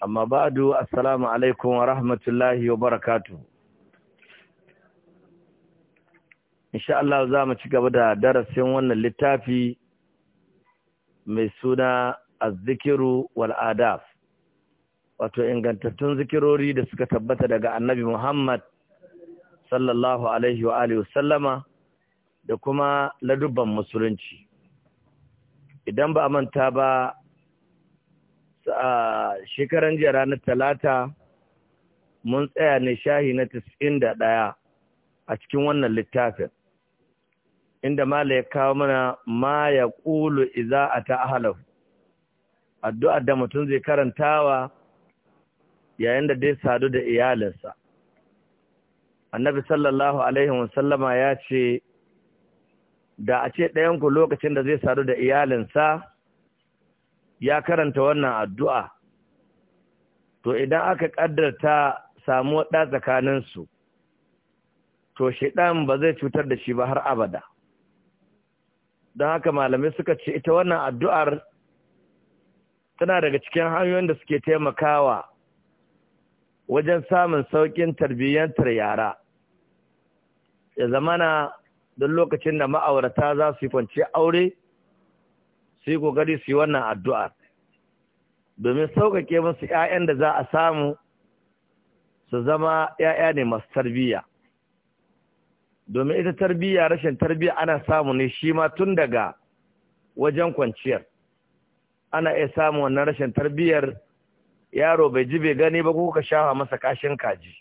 amma ba'adu assalamu alaikum wa rahmatullahi wa barakatuh insha Allah za mu ci gaba da darasin wannan littafi mai suna azzikiru wal adab wato ingantattun zikirori da suka tabbata daga annabi Muhammad sallallahu alaihi wa alihi wasallama da kuma ladubban musulunci idan ba a manta ba a shekaran jiya ranar talata mun tsaya ne shahi na tis'in da ɗaya a cikin wannan littafin inda mala ya kawo mana ma ya ƙulu iza a ta addu'ar da mutum zai karantawa yayin da dai sadu da iyalinsa annabi sallallahu alaihi wasallama ya ce da a ce ɗayanku lokacin da zai sadu da iyalinsa ya karanta wannan addu'a to idan aka ƙaddarta samu waɗa tsakaninsu to shaidan ba zai cutar da shi ba har abada don haka malamai suka ce ita wannan addu'ar tana daga cikin hanyoyin da suke taimakawa wajen samun sauƙin tarbiyyantar yara ya zamana don lokacin da ma'aurata za su yi kwanci aure su yi kokari su yi wannan addu'ar domin sauƙaƙe musu ‘ya'yan da za a samu su zama ‘ya'ya ne masu tarbiyya domin ita tarbiyya rashin tarbiyya ana samu ne shi ma tun daga wajen kwanciyar ana iya samu wannan rashin tarbiyyar yaro bai ji bai gani ba ko ka shafa masa kashin kaji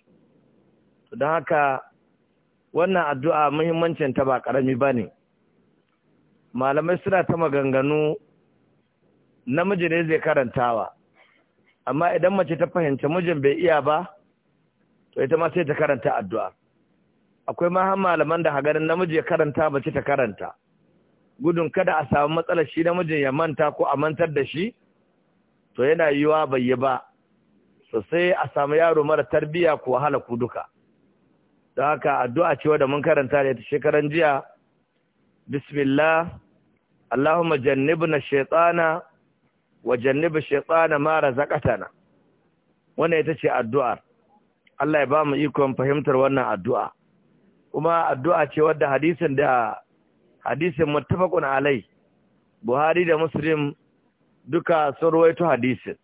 don haka wannan addu'a muhimmancin ba ƙarami ba ne malamai suna ta maganganu namiji ne zai karantawa amma idan mace ta fahimci mijin bai iya ba to ita ma sai ta karanta addu'a akwai ma har malaman da hagarin namiji ya karanta mace ta karanta gudun kada a samu matsalar shi namijin ya manta ko a mantar da shi to yana yiwa bai yi ba sosai a samu yaro mara tarbiya ko wahala ku duka don haka addu'a cewa da mun karanta da ita shekaran jiya bismillah Allahumma jannibna shaytana wa jannibi shaytana ma na. wannan ita ce addu'ar Allah ya ba mu ikon fahimtar wannan addu'a kuma addu'a ce wadda hadisin da hadisin mutafakun alai Buhari da Musulun duka sun ruwaito hadisin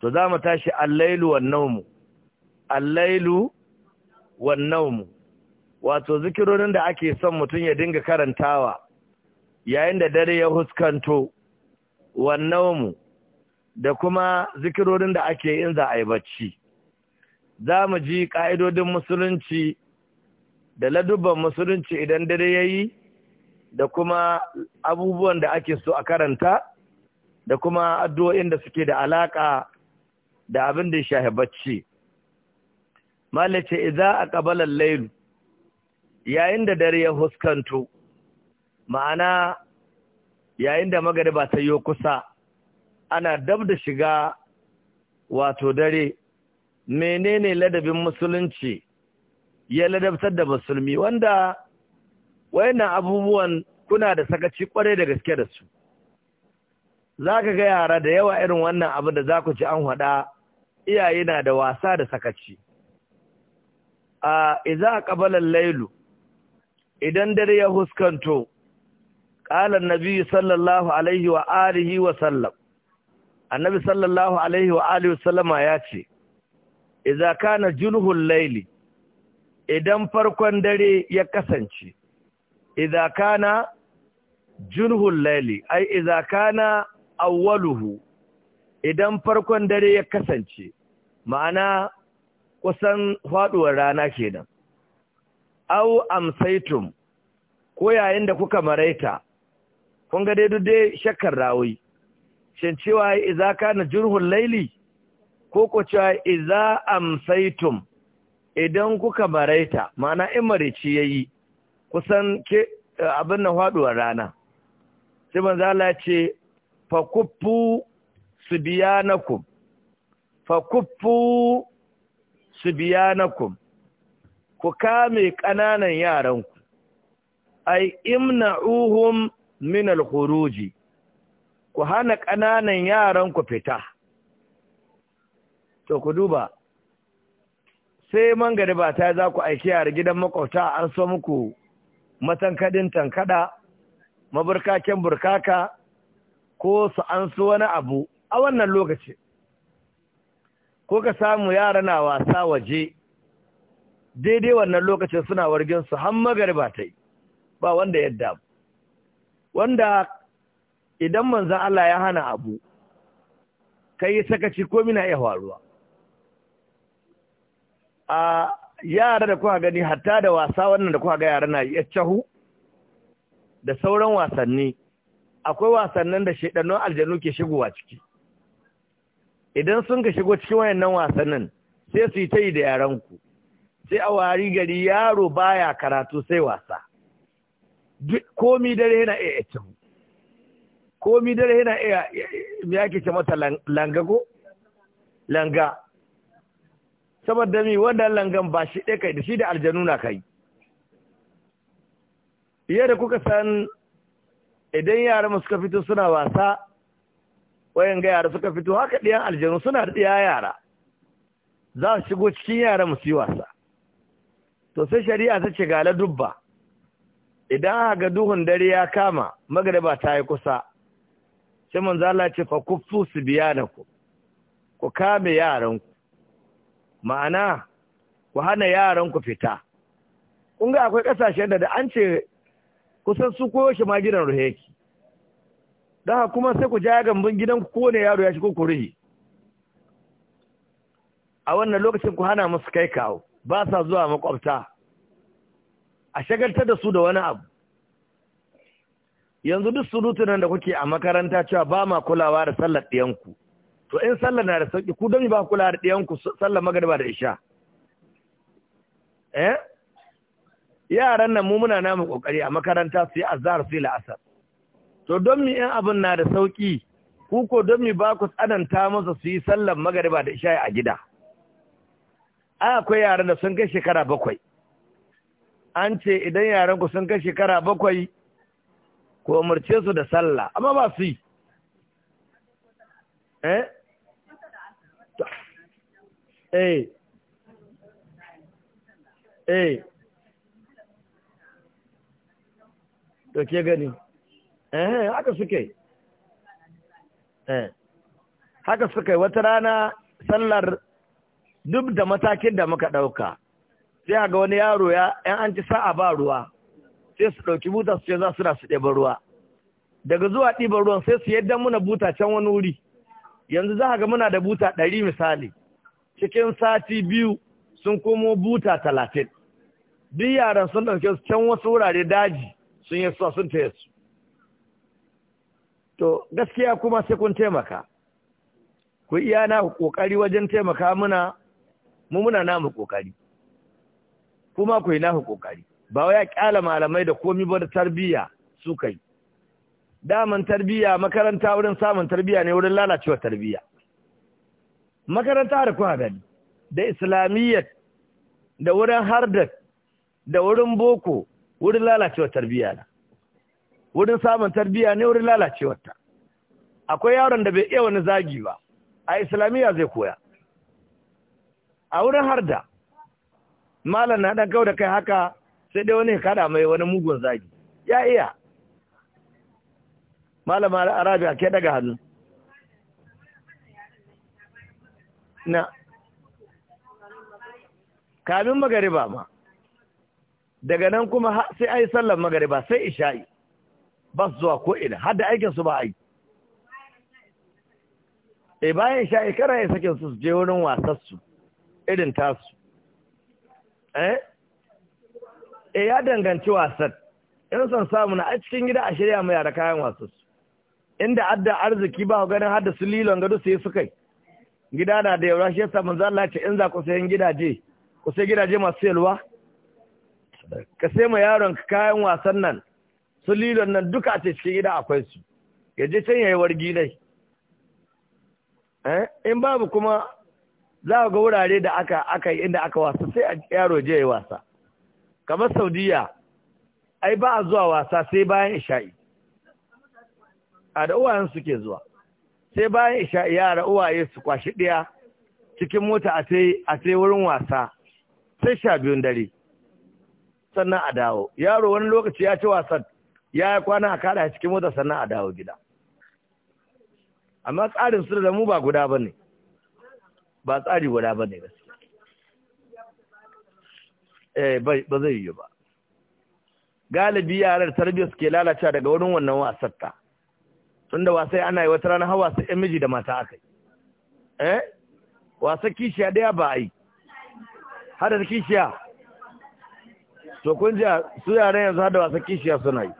to za mu tashi allailu wannan mu, allailu wannan mu? wato zikirorin da ake son mutum ya dinga karantawa yayin da dare ya huskanto wannan mu da kuma zikirorin da ake in za a yi bacci za mu ji ƙa'idodin musulunci da ladubban musulunci idan dare ya yi da kuma abubuwan da ake so a karanta da kuma addu'o'in da suke da alaƙa da abin da ya shahi bacci. Malace, iza a ƙabalar lailu, yayin da dare ya huskanto, ma'ana yayin da magariba ta yi kusa ana dab da shiga wato dare menene ladabin musulunci ya ladabtar da musulmi wanda wayannan abubuwan kuna da sakaci kwarai da gaske da su za ka ga yara da yawa irin wannan abin da za ku ci an hada iyaye na da wasa da sakaci a iza ƙabalar lailu idan dare ya huskanto قال النبي صلى الله عليه وآله وسلم النبي صلى الله عليه وآله وسلم ياتي إذا كان جنه الليل إذا فرقن دري يكسنشي إذا كان جنه الليل أي إذا كان أوله إذا فرقن دري يكسنشي معنى kusan faduwar rana kenan au amsaitum ko yayin da kuka maraita kun ga dai dai shakkar rawai. shin cewa Iza kana jurhul laili ko ko cewa iza amsaitum idan kuka baraita ma'ana in marici yayi kusan ke eh, abin nan faduwar rana sai manzo Allah ce fa kuffu fakuffu fa kuffu ku kame ƙananan yaranku ai imna'uhum min al-khuruji ku hana ƙananan yaran ku fita to ku duba sai man gari ba ta za ku aiki yara gidan makwabta an so muku matankadin tankada maburkaken burkaka ko su an so wani abu a wannan lokaci ko ka samu yara na wasa waje daidai wannan lokacin suna wargin su har magariba ba ta yi ba wanda yadda wanda idan manzan Allah ya hana abu kai sakaci ko mina iya faruwa a yara da kuka gani hatta da wasa wannan da kuka ga yara na iya cahu da sauran wasanni akwai wasannin da shaidannin aljanu ke shigowa ciki idan sun ka shigo cikin wayannan wasannin sai su yi ta yi da yaranku sai a wari gari yaro baya karatu sai wasa komi dare yana iya yace mu komi dare yana iya ya kice mata langa ko langa saboda mi wannan langan ba shi ɗaya kai da shi da aljanu na kai yadda kuka san idan yara suka fito suna wasa wayan ga yara suka fito haka ɗiyan aljanu suna da ɗiya yara za su shigo cikin yara su yi wasa to sai shari'a ta ce gala dubba idan ga duhun dare ya kama magariba ta yi kusa sai mun zala ce fa kuffu da ku Ku kame yaranku ma'ana ku hana yaranku fita Kunga akwai ƙasashen da da an ce kusan su koyo shi ma gidan ruhe yake don kuma sai ku ja gambin gidanku, ku kowane yaro ya shigo ku a wannan lokacin ku hana musu kai kawo ba sa zuwa makwabta a shagaltar da su da wani abu yanzu duk surutunan da kuke a makaranta cewa ba ma kulawa da sallar ɗiyanku to in sallar na da sauƙi ku don ba kulawa da ɗiyanku sallar magariba da isha eh yaran nan mu muna namu kokari a makaranta su yi azhar su yi la'asar to don mi in abin na da sauƙi ku ko don mi ba ku tsananta masa su yi sallar magariba da isha a gida ai akwai yaran da sun kai shekara bakwai an ce idan yarenku sun kai shekara bakwai ko umarce su da sallah amma ba su yi eh eh eh to ke gani eh haka suke eh haka suke wata rana sallar duk da matakin da muka ɗauka sai a ga wani yaro ya ‘yan an ci sa'a ba ruwa sai su ɗauki buta su ce za su su ɗeban ruwa daga zuwa ɗiban ruwan sai su yadda muna buta can wani wuri yanzu za a ga muna da buta ɗari misali cikin sati biyu sun komo buta talatin duk yaran sun ɗauke su can wasu wurare daji sun yi su sun taya su to gaskiya kuma sai kun taimaka ku iya na ƙoƙari wajen taimaka muna mu muna namu ƙoƙari kuma ku yi naku kokari ba wai ya kyala malamai da komi ba da tarbiya su kai daman tarbiyya makaranta wurin samun tarbiyya ne wurin lalacewa tarbiyya makaranta da kuka gani da islamiyyat da wurin harda, da wurin boko wurin lalacewa tarbiyya na wurin samun tarbiyya ne wurin lalacewarta akwai yaron da bai iya wani zagi ba a islamiyya zai koya a wurin harda malam na dan kau da kai haka sai dai wani kada mai wani mugun zagi ya iya malam arabi a ke daga hannu na kamin magariba ma daga nan kuma sai ai sallar magariba sai isha'i ba su zuwa ko'ina har da aikin su ba a yi e bayan isha'i kara ya sakin su je wurin wasassu irin tasu Eh? eh ya danganci wasan in son samu na a cikin gida a shirya mai yara kayan wasu inda adda arziki ba ganin hada su lilon gado sai su kai gida na da yaura shi yasa manzo Allah ce in za ku sayan gidaje ku sai gidaje masu yalwa, ka sai ma yaron kayan wasan nan su lilon nan duka a cikin gida akwai su ya je can yayi wargi dai eh? in babu kuma za a ga wurare da aka aka inda aka wasa sai a yaro je ya wasa kamar saudiya ai ba a zuwa wasa sai bayan isha'i a da uwayen suke zuwa sai bayan isha'i yara uwaye su kwashi ɗaya cikin mota a tai a tai wurin wasa sai sha biyun dare sannan a dawo yaro wani lokaci ya ci wasan ya yi kwana a kada cikin mota sannan a dawo gida amma tsarin su da mu ba guda ba ne ba tsari guda ba ne gaskiya eh ba zai yi ba galibi yaran tarbiyyar suke lalacewa daga wurin wannan wasar ta tunda wasai ana yi wata rana hawa sai miji da mata aka yi eh wasa kishiya daya ba ai hada kishiya to kun ji su yaran yanzu hada wasa kishiya suna yi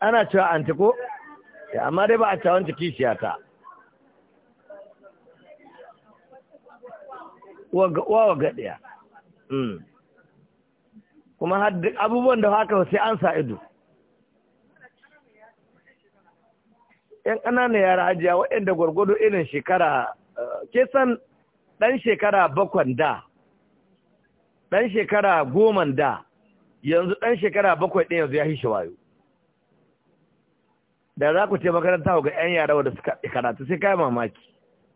ana cewa anti ko amma dai ba a cewa wanta kishiya ta wawa gaɗiya hmm. kuma abubuwan da haka sai an sa ido ‘yan ƙananan yara ajiya waɗanda gwargwado irin shekara eh, ke san ɗan shekara bakwan da ɗan shekara goman da yanzu ɗan shekara bakwai ɗin yanzu ya hishe wayo da za ku ce makaranta ga 'yan yara wanda suka karatu sai kai mamaki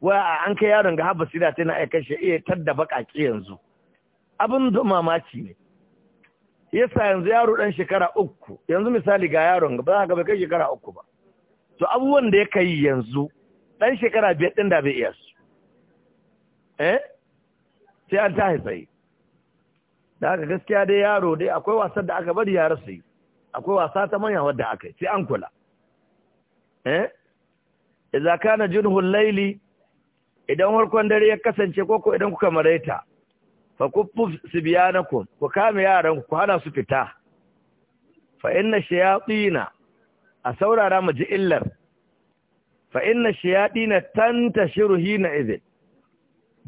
wa an kai yaron ga haɓa sida tana aika shi iya tadda bakake yanzu abin da mamaki ne yasa yanzu yaro dan shekara uku yanzu misali ga yaron ba za ka bai kai shekara uku ba to abubuwan da ya kai yanzu dan shekara biyar din da bai iya su eh sai an tahi tsaye da haka gaskiya dai yaro dai akwai wasan da aka bari yara su yi akwai wasa ta manya wadda aka yi sai an kula eh idza kana junhu al-layli idan warkon dare ya kasance koko idan kuka maraita fa kuffu sibyanakum ku kama yaran ku hana su fita fa inna shayatin a saurara mu ji illar fa inna shayatin tantashiru hina idin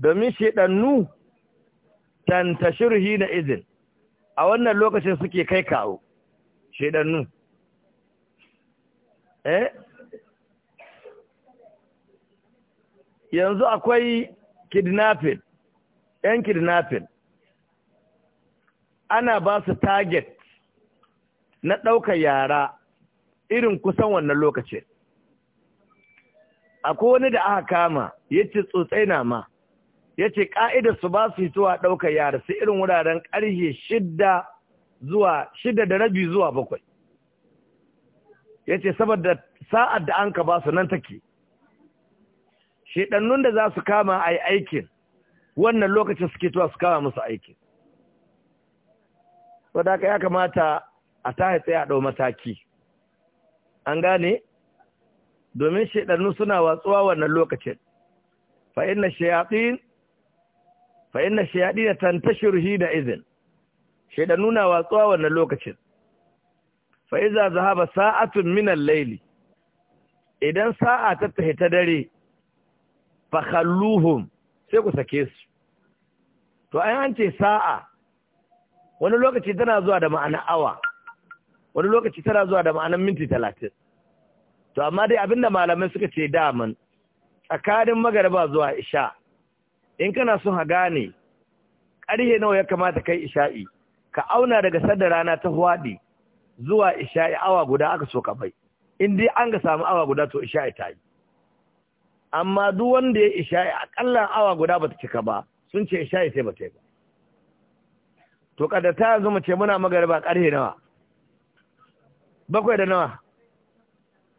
domin shedannu tantashiru hina idin a wannan lokacin suke kai kawo shedannu eh yanzu akwai kidnapping yan kidnapping ana ba su target na ɗaukar yara irin kusan wannan lokacin akwai wani da aka kama ya ce tsotsai na ma ya ce ƙa'ida su ba su hituwa ɗaukar yara su irin wuraren ƙarhe shidda zuwa shidda da rabi zuwa bakwai ya ce saboda sa'ad da an ka ba su nan take shedannun da za su kama a yi aikin wannan lokacin suke tuwa su kama musu aikin wadda ya kamata a ta tsaye a ɗau mataki an gane domin shaidannu suna watsuwa wannan lokacin fa'inna shayaɗin shayaɗi na da ruhi da izin shaidannu na watsuwa wannan lokacin fa'iza zahaba sa'atun minan laili idan sa'a ta ta dare fakhalluhum sai ku sake su to ai an ce sa'a wani lokaci tana zuwa da ma'anar awa wani lokaci tana zuwa da ma'anar minti talatin to amma dai abinda malamai suka ce daman tsakanin magaraba zuwa isha in kana son ha gane ƙarhe nawa ya kamata kai isha'i ka auna daga sadda rana ta huwaɗi, zuwa isha'i awa guda aka so ka bai in dai an ga samu awa guda to isha'i ta yi amma duk wanda ya isha'i akalla awa guda bata cika ba sun ce isha'i sai bata yi ba to kada ta yanzu mace ce muna magariba karhe nawa bakwai da nawa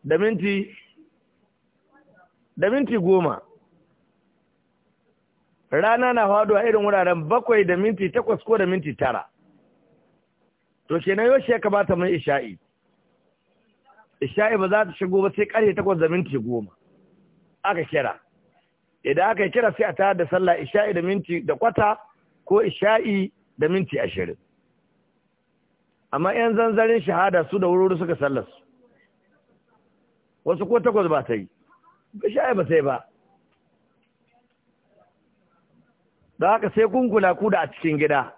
da minti da minti goma rana na a irin wuraren bakwai da minti takwas ko da minti tara to na yaushe ya kamata mai isha'i isha'i ba za ta shigo ba sai karhe takwas da minti goma aka kira idan aka kira sai a tayar da sallah isha'i da minti da kwata ko isha'i da minti ashirin amma yan zanzarin shahada su da wuri suka sallar wasu ko takwas ba ta yi isha'i ba ta ba da haka sai kun kula ku da a cikin gida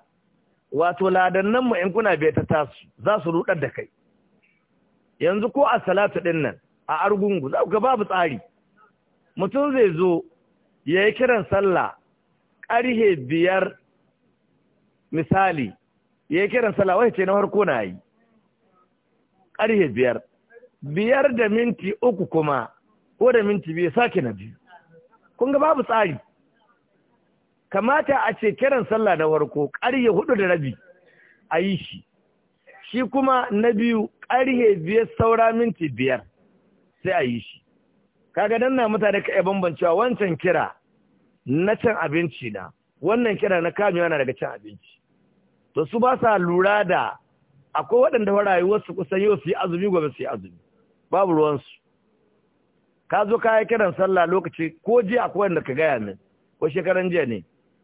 wato ladannan mu in kuna bai ta tasu za su rudar da kai yanzu ko a salatu din a argungu za ku ga babu tsari mutum zai zo ya yi kiran sallah ƙarhe biyar misali ya yi kiran sallah wai ce na farko na yi ƙarhe biyar biyar da minti uku kuma ko da minti biyu sake na biyu kun ga babu tsari kamata a ce kiran sallah na farko ƙarhe hudu da rabi a yi shi shi kuma na biyu ƙarhe biyar saura minti biyar sai a yi shi kaga dan na mutane ka bambancewa wancan kira na cin abinci na wannan kira na kamewa na daga cin abinci to su ba sa lura da akwai waɗanda fa rayuwarsu kusan yau su yi azumi gobe su yi azumi babu ruwansu ka zo ka yi kiran sallah lokaci ko jiya akwai wanda ka gaya min ko shekaran jiya ne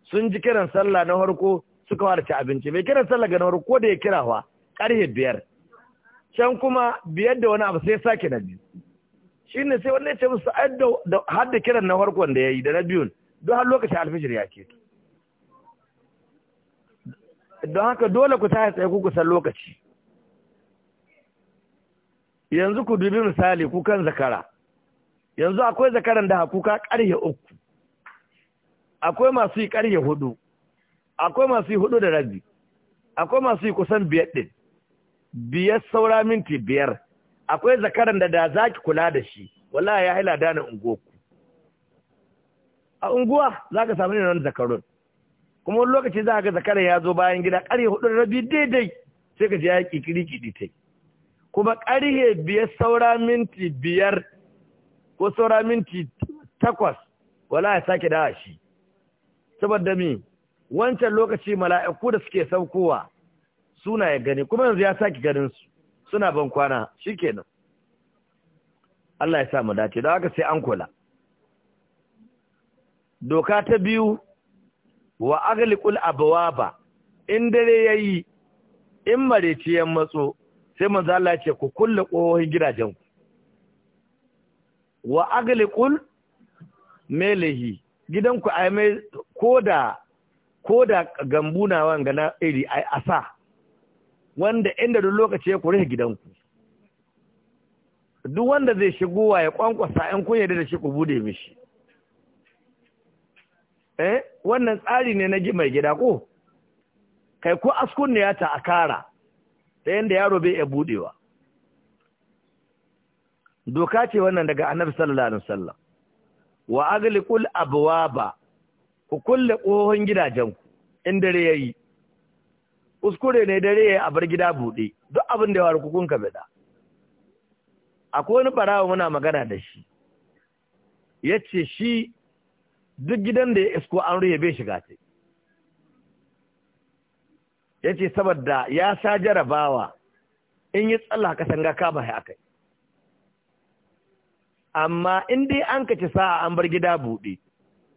sun ji kiran sallah na farko suka fara ci abinci mai kiran sallah ga na farko ko da ya kira fa ƙarfe biyar can kuma biyar da wani abu sai sake na biyu ne sai wanda ya ce musu ai da har da kiran na farkon da yi da na biyun don har lokacin alfijir ya ke don haka dole ku tashi tsaye ku kusan lokaci yanzu ku dubi misali kukan zakara yanzu akwai zakaran da kuka karye uku akwai masu yi karye hudu akwai masu yi hudu da rabi akwai masu yi kusan biyar din biyar saura minti biyar akwai zakaran da da za ki kula da shi Wala ya haila dana ungoku a unguwa za ka samu nan zakarun kuma wani lokaci za ga zakaran ya zo bayan gida ƙarfe hudu da rabi daidai sai ka ji ya kikiri ta. kuma ƙarfe biyar saura minti biyar ko saura minti takwas wala ya sake dawa shi saboda mi wancan lokaci mala'iku da suke saukowa suna ya gani kuma yanzu ya sake ganin su suna ban kwana shikenan Allah ya sa mu dace da haka sai an kula doka ta biyu wa aghliqul abwaba in dare yayi in mareci yan matso sai manzo Allah ya ce ku kulle kohohin gidajen ku wa aghliqul melehi gidanku ai mai koda koda gambuna wanga na iri ai asa wanda inda duk lokaci ya kuri gidanku duk wanda zai shigo wa ya kwankwasa in kunya yarda da shi ku bude mishi eh wannan tsari ne na mai gida ko kai ko askun ne ya ta kara, ta yadda yaro bai ya budewa doka ce wannan daga annabi sallallahu alaihi wasallam wa aghliqul abwaba ku kulle kohon gidajenku in dare yayi kuskure ne dare ya a bar gida buɗe duk abin da ya warku kukun ka bada akwai wani barawa muna magana da shi ya ce shi duk gidan da ya isko an ruye bai shiga ce ya ce saboda ya sa jarabawa in yi tsalla ka sanga ka ba haka amma in dai an kaci sa'a an bar gida buɗe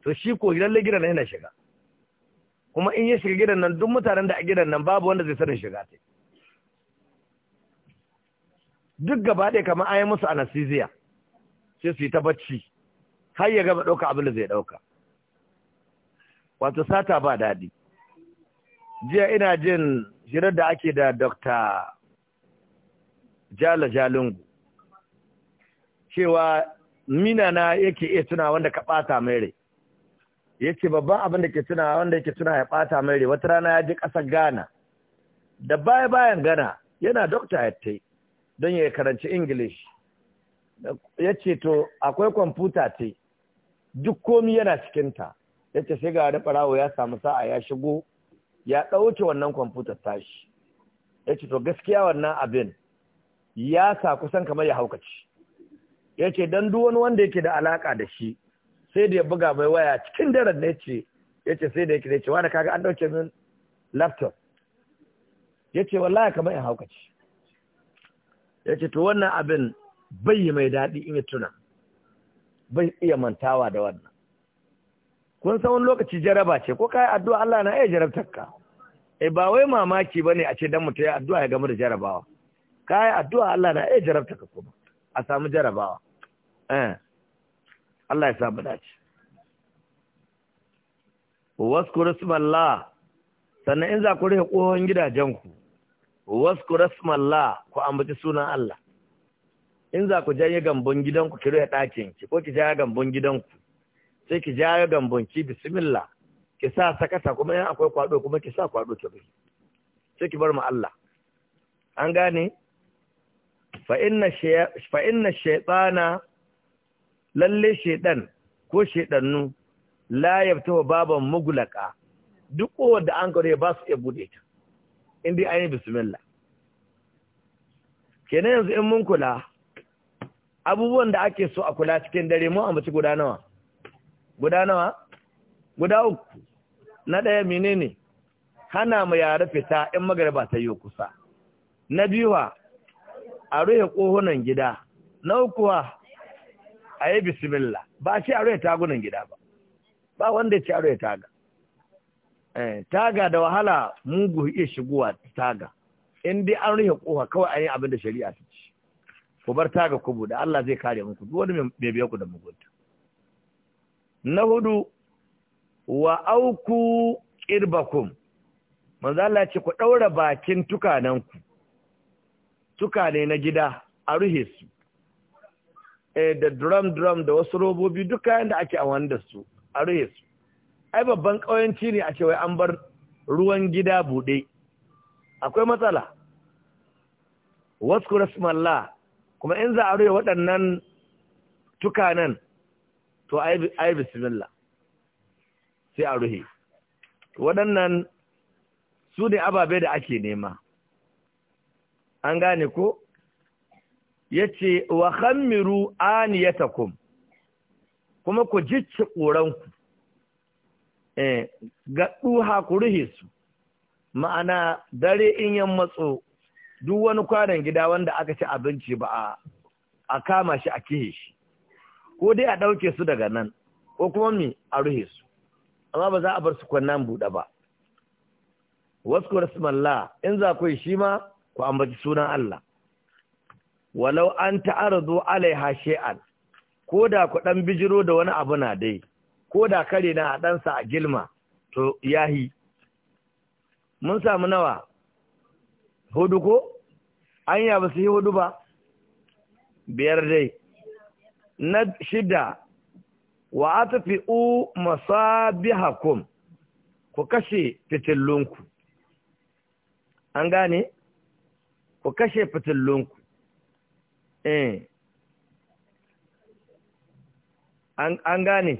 to shi ko gidan lagiran na shiga kuma in ya shiga gidan nan duk mutanen da a gidan nan babu wanda zai sanin shiga ta duk gaba ɗaya kamar an yi musu anesthesia sai su yi ta bacci har ya gaba ɗauka abin da zai ɗauka wato sata ba daɗi jiya ina jin shirar da ake da Dr. Jala Jalingu cewa mina na yake iya tuna wanda ka ɓata mai rai yace babban abin da ke tuna wanda yake tuna ya ɓata mai wata rana ya ji ƙasar ghana da baya bayan ghana yana dokta ya ta don ya karanci english ya ce to akwai kwamfuta ce duk komi yana cikinta ya ce sai ga wani ɓarawo ya samu sa'a ya shigo ya ɗauke wannan kwamfutar tashi ya to gaskiya wannan abin ya sa kusan kamar ya haukaci yace ce don duk wani wanda yake da alaka da shi sai da ya buga mai waya cikin daren ne ce ya ce sai da ya kire ce wani kaga an dauke min laptop ya ce wallahi kamar in haukaci ya ce to wannan abin bai yi mai daɗi in ya tuna bai iya mantawa da wannan kun san wani lokaci jaraba ce ko kai addu'a Allah na iya jarabtar ka eh ba wai mamaki bane a ce dan mutum ya addu'a ya gama da jarabawa kai addu'a Allah na iya jarabtar ka kuma a samu jarabawa eh Allah ya sa mu dace waskuru smallah sannan in za ku rufe kohon gidajenku waskuru smallah ku ambaci sunan Allah in za ku janye gambon gidanku ki rufe ɗakin ki ko ki jaya gambon gidanku sai ki jaya gambon ki bismillah ki sa sakata kuma in akwai kwado kuma ki sa kwado ki bi sai ki bar mu Allah an gane fa inna shaytana lalle shedan ko shedannu la yaftahu baban muglaqa duk wanda an gare ba su iya bude ta indai ayi bismillah kenan yanzu in mun kula abubuwan da ake so a kula cikin dare mu ambaci guda nawa guda guda uku na daya menene hana mu yare fita in magariba ta yi kusa na biyu a rufe kohonan gida na uku a yi bismillah ba ce aro ya tagunan gida ba ba wanda ya ce aro ya taga eh, taga da wahala mugu iya shigowa taga inda an rufe kowa kawai an yi abin da shari'a ta ce ku bar taga ku buɗe Allah zai kare muku duk wani mai biya ku da mugunta na hudu wa auku qirbakum manzo Allah ce ku ɗaura bakin tukananku tukane na gida a ruhe su Eh, da drum drum da wasu robobi duk kayan da ake amfani da su a rufe su ai babban ƙauyanci ne a cewa an bar ruwan gida buɗe akwai matsala wasu rasmalla kuma in za a rufe waɗannan tukanan to ai bismillah sai a rufe waɗannan su ne ababe da ake nema an gane ko yace wa khammiru aniyatakum kuma ku jicci ƙoranku eh ga duha ku ruhe su ma'ana dare in yan matso duk wani kwanan gida wanda aka ci abinci ba a kama shi a kihe shi ko dai a ɗauke su daga nan ko kuma mi a ruhe su amma ba za a bar su kwannan buɗe ba wasu rasmalla in za ku yi shi ma ku ambaci sunan Allah walau an ta'arzu alaiha shay'an ko da ku dan bijiro da wani abu na dai ko da kare na a ɗansa a gilma to yahi mun samu nawa hudu ko anya ba su yi hudu ba biyar dai na shida wa atfi'u masabihakum ku kashe fitillunku an gane ku kashe fitillunku Eh. an gane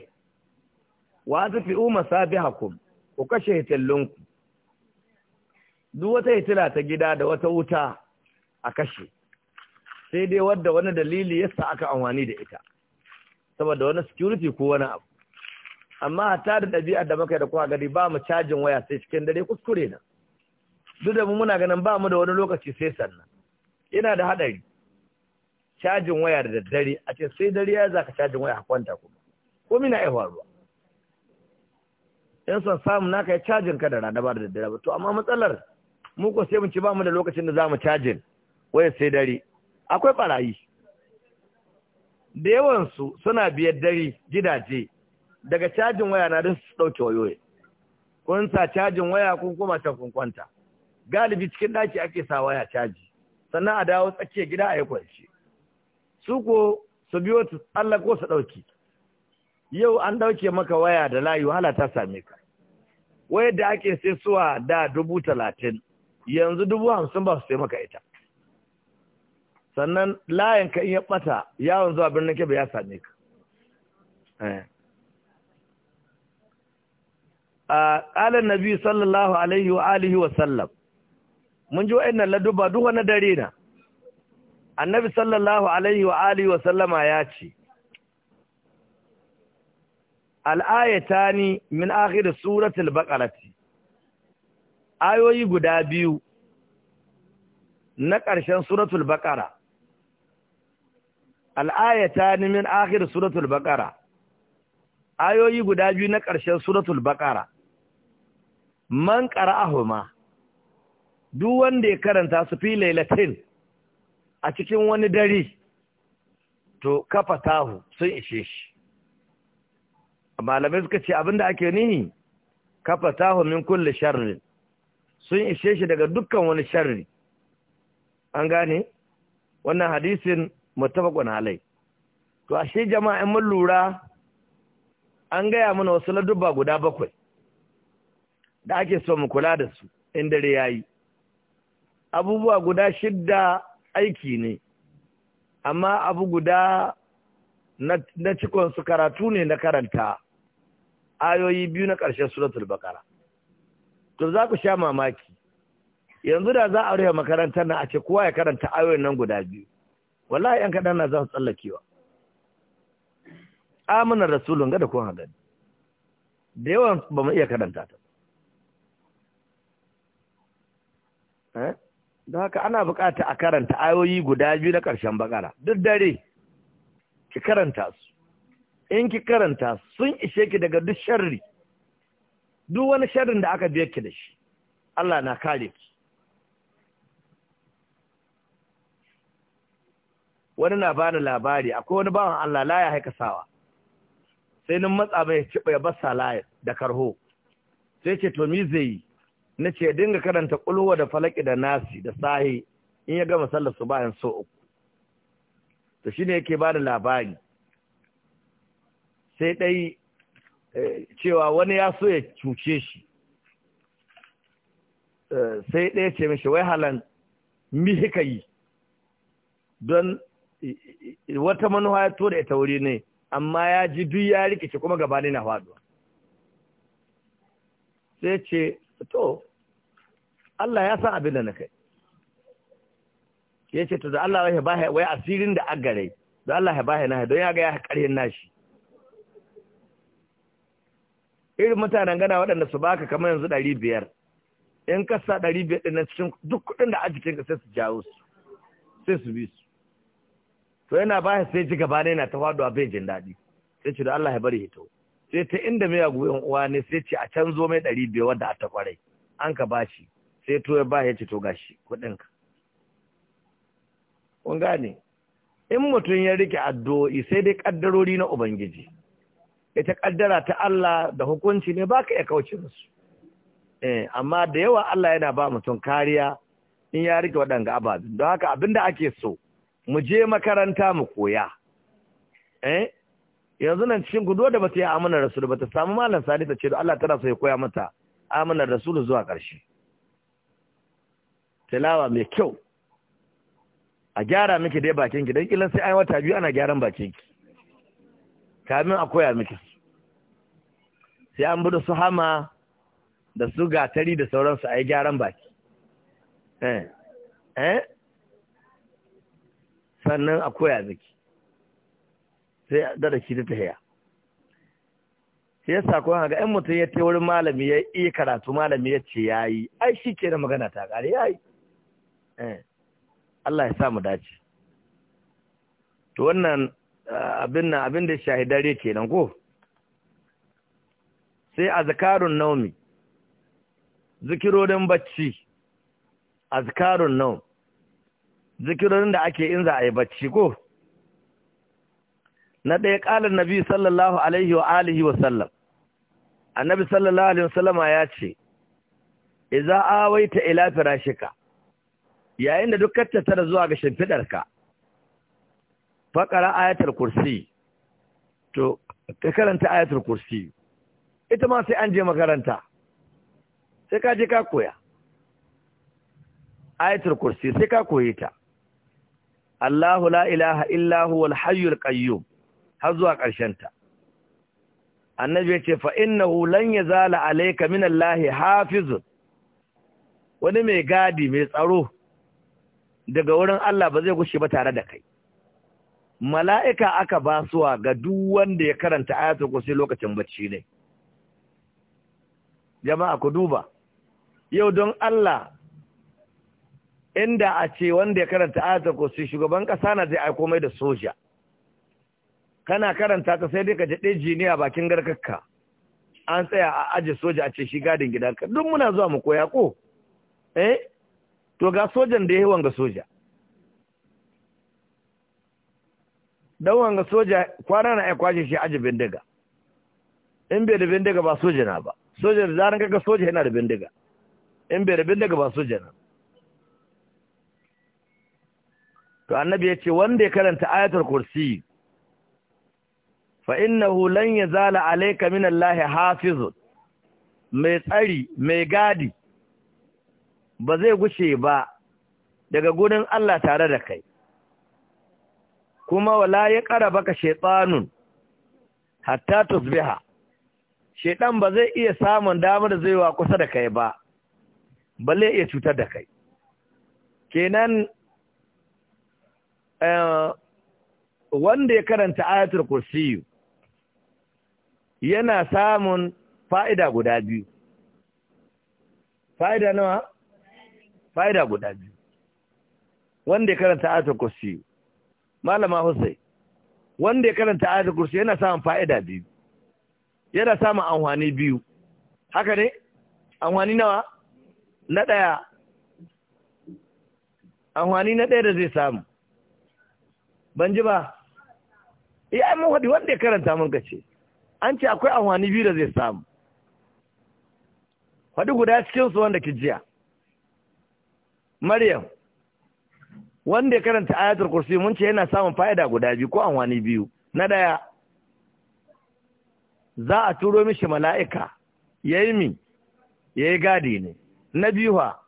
wa su fi umar sabi hakum ku kashe hitillunku duk wata hitila ta gida da wata wuta a kashe sai dai wadda wani dalili ya sa aka amfani da ita saboda wani security ko wani abu amma ta da ɗabi'ar da muka da kuma gari ba mu cajin waya sai cikin dare kuskure na duk da mu muna ganin ba mu da wani lokaci sai sannan Ina da haɗari cajin waya da daddare a ce sai dare ya zaka cajin waya a kwanta kuma ko na ya in son samu naka ya cajin ka da rana ba da daddare ba to amma matsalar mu ko sai mu ci ba mu da lokacin da zamu cajin waya sai dare akwai barayi da yawansu su suna biyar dare gidaje daga cajin waya na su dauke wayoyi kun sa cajin waya kun koma can kun kwanta galibi cikin ɗaki ake sa waya caji sannan a dawo tsakiyar gida a yi kwanci su ko su biyo su Allah ko su ɗauki yau an ɗauke maka waya da layi wahala ta same ka wayar da ake sai suwa da dubu talatin yanzu dubu hamsin ba su sai maka ita sannan layin ka in ya ɓata yawon zuwa birnin kebe ya same ka eh. a ƙalar nabi sallallahu alaihi wa alihi wa sallam mun ji wa'in nan laduba duk wani dare na annabi sallallahu alaihi wa alihi wa sallama ya ce al'ayatani min akhir suratul baqarati ayoyi guda biyu na ƙarshen suratul baqara al'ayatani min akhir suratul baqara ayoyi guda biyu na ƙarshen suratul baqara man qara'ahuma duk wanda ya karanta su fi lailatin a cikin wani dare to kafa tahu sun ishe shi malamai suka ce abinda ake nini kafa tahu min kulle sharri sun ishe shi daga dukkan wani sharri an gane wannan hadisin mutafakun alai to ashe jama'a mun lura an gaya mana wasu ladubba guda bakwai da ake so mu kula da su in dare yayi abubuwa guda shidda aiki ne amma abu guda na cikonsu karatu ne na karanta ayoyi biyu na ƙarshen suratul bakara to za ku sha mamaki yanzu da za a rufe makarantar na a ce kowa ya karanta ayoyin nan guda biyu wallahi yan kaɗan na za su tsallakewa amina rasulun ga da kun hagani da yawan ba mu iya karanta ta don haka ana bukata a karanta ayoyi guda biyu na ƙarshen bakara duk dare ki karanta su in ki karanta sun ishe ki daga duk sharri duk wani sharrin da aka biya ki da shi Allah na kare ki wani na bani labari akwai wani bawan Allah laya haika sawa sai nan matsa mai ciɓa ya basa laya da karho sai ce to mi zai yi na ce dinga karanta kulwa da falaki da nasi da sahi in ya gama sallar su bayan so uku to shine yake ba da labari sai dai eh, cewa wani ya so ya cuce shi eh, sai ɗaya ce mishi wai halan mi ka yi don wata manuwa ya tura ita wuri ne amma ya ji duk ya rikice kuma gabani na faɗuwa sai ce to Allah ya san abin da na kai Yace ce to da Allah ya ba wai asirin da agare da Allah ya ba na don ya ga ya karhin nashi irin mutanen gana waɗanda su baka kamar yanzu ɗari biyar in ka sa ɗari biyar ɗin cikin duk kuɗin da ajikin ka sai su jawo su sai su bi su to yana ba sai ji gaba ne na ta faɗuwa bai jin daɗi sai ce da Allah ya bari hito sai ta inda mai yagoyin uwa ne sai ce a can zo mai ɗari biyar wadda a ta kwarai an ka bashi sai to ya ba ya ce to gashi kuɗinka kun gane in mutum ya rike addu'o'i sai dai kaddarori na ubangiji ita kaddara ta Allah da hukunci ne baka iya kauce musu eh amma da yawa Allah yana ba mutum kariya in ya rike wadanga ababin don haka abinda ake so mu je makaranta mu koya eh yanzu nan cikin gudu da bata yi amanar rasulu bata samu malam sadi ta ce Allah tana so ya koya mata amanar rasulu zuwa ƙarshe tilawa mai kyau a gyara miki dai bakin ki don kilan sai an wata biyu ana gyaran bakin ki kamin a koya miki sai an bude su hama da su gatari da sauransu a yi gyaran baki eh eh sannan a koya miki sai da ki ta tahiya sai ko ga ɗan mutum ya ta wurin malami ya iya karatu malami ya ce ya yi ai shi ke da magana ta ƙari ya yi Eh. Allah ya sa mu dace to wannan ah, abin nan abin da shahidare kenan ko sai azkarun naumi zikirorin bacci azkarun naum zikirorin da ake in za a yi bacci ko na ɗaya ƙalar nabi sallallahu alaihi wa alihi wa sallam annabi sallallahu alaihi wa sallama ya ce iza awaita ila firashika yayin da duk tattara zuwa ga shimfidarka faƙara ayatul kursi to ka karanta ayatul kursi ita ma sai an je makaranta sai ka je ka koya ayatul kursi sai ka koye ta Allahu la ilaha illa huwal hayyul qayyum har zuwa ƙarshen ta annabi ya ce fa innahu lan yazala alayka min Allahi hafizun wani mai gadi mai tsaro daga wurin Allah ba zai gushe ba tare da kai mala'ika aka ba basuwa ga duk wanda ya karanta ayatul kursi lokacin bacci ne jama'a ku duba yau don Allah inda a ce wanda ya karanta ayatul kursi shugaban ƙasa na zai aiko mai da soja kana karanta ta sai dai ka jaɗe jiniya bakin garkakka an tsaya a ajiye soja a ce shi gadin gidanka duk muna zuwa mu koya ko eh to ga sojan da ya yi wanga soja don wanga soja kwana na ya kwashe shi aji bindiga in bai da bindiga ba soja na ba soja da zaran kaga soja yana da bindiga in bai da bindiga ba soja na to annabi ya ce wanda ya karanta ayatar kursi fa innahu lan yazala alayka min allahi hafizun mai tsari mai gadi ba zai gushe ba daga gurin Allah tare da kai kuma wala ya ƙara baka shaitanun hatta tusbiha shaitan ba zai iya samun damar zaiwa kusa da kai ba zai iya cutar da kai kenan eh, wanda ya karanta ayatul kursiyu yana samun fa'ida guda biyu fa'ida nawa fa'ida guda biyu wanda ya karanta ayatul kursi malama husai wanda ya karanta ayatul kursi yana samun fa'ida biyu yana samun amfani biyu haka ne amfani nawa na daya amfani na daya da zai samu ban ji ba eh, iya mun hadi wanda ya karanta mun gace. an ce akwai amfani biyu da zai samu hadi guda cikin su wanda ki jiya Maryam wanda ya karanta ayatul kursi mun ce yana samun fa'ida guda biyu ko anwani biyu na daya za a turo mishi mala'ika yayi mi yayi gadi ne na biyu ha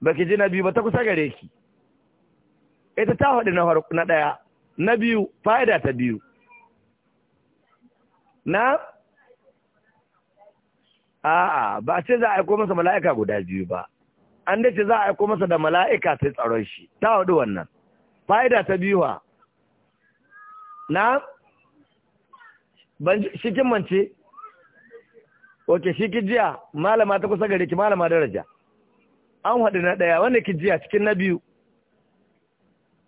baki ji na biyu ba ta kusa gare ki ita ta hadu na farko na daya na biyu fa'ida ta biyu na a'a ba ce za a aiko masa mala'ika guda biyu ba an dace za a aiko masa da mala'ika sai tsaron shi ta hudu wannan fa'ida ta biyuwa na shikin mance oke shi jiya malama ta kusa gari ki malama daraja an haɗu na ɗaya wanda ki jiya cikin na biyu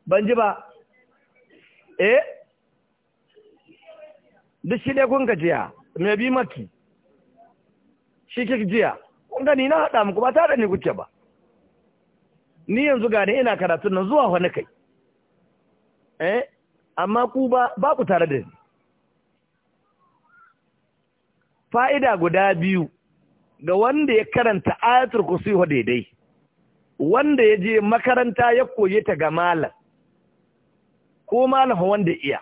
ban ji ba eh duk shi ne kun jiya mai bi maki shi jiya kun gani na haɗa muku ba ta da ni kuke ba ni yanzu ga ina karatun nan zuwa wani kai eh amma ku ba ba ku tare da ni fa'ida guda biyu ga wanda ya karanta ayatul kursi wa daidai wanda ya je makaranta ya koye ta ga malam ko malam wanda iya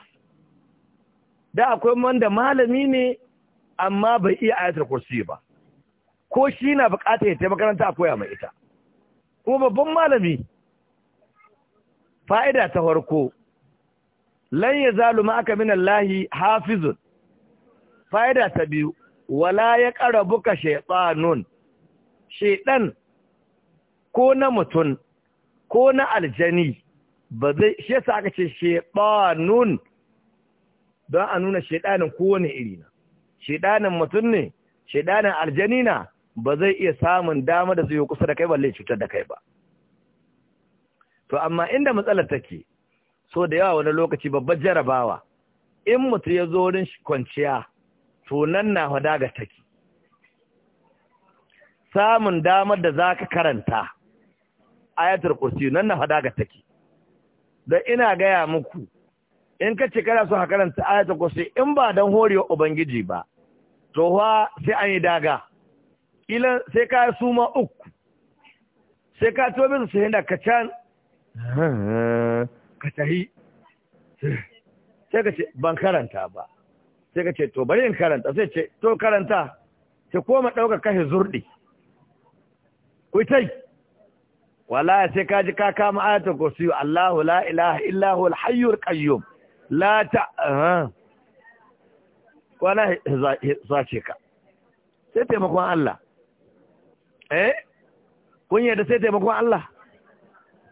da akwai wanda malami ne amma bai iya ayatul kursi ba ko shi na bukata ya taimaka makaranta a koya mai ita kuma babban malami fa'ida ta farko lan ya zalu ma'aka min Allahi hafizun fa'ida ta biyu wala ya ƙara buka shaiɗanun shaiɗan ko na mutum ko na aljani ba zai shi yasa aka ce shaiɗanun don a nuna shaiɗanin kowane iri na shaiɗanin mutum ne shaiɗanin aljani na ba zai iya samun dama da zai kusa da kai balle cutar da kai ba to amma inda matsalar take so da yawa wani lokaci babbar jarabawa in mutum ya zo rin kwanciya to nan na hada ga take samun damar da za ka karanta ayatul kursi nan na hada ga take da ina gaya muku in ka ce kana so ka karanta ayatul kursi in ba dan horewa ubangiji ba to wa sai an yi daga Ilan sai ka suma uku sai ka tobe su sai da kacan ka tahi sai ka ce ban karanta ba sai ka ce to bari in karanta sai ce to karanta ce koma ɗauka kashe zurɗi kuitai wala sai ka ji ka kama ayatul kursi Allahu la ilaha illa huwal hayyul qayyum la ta wala zace ka sai taimakon Allah eh kun yarda sai taimakon Allah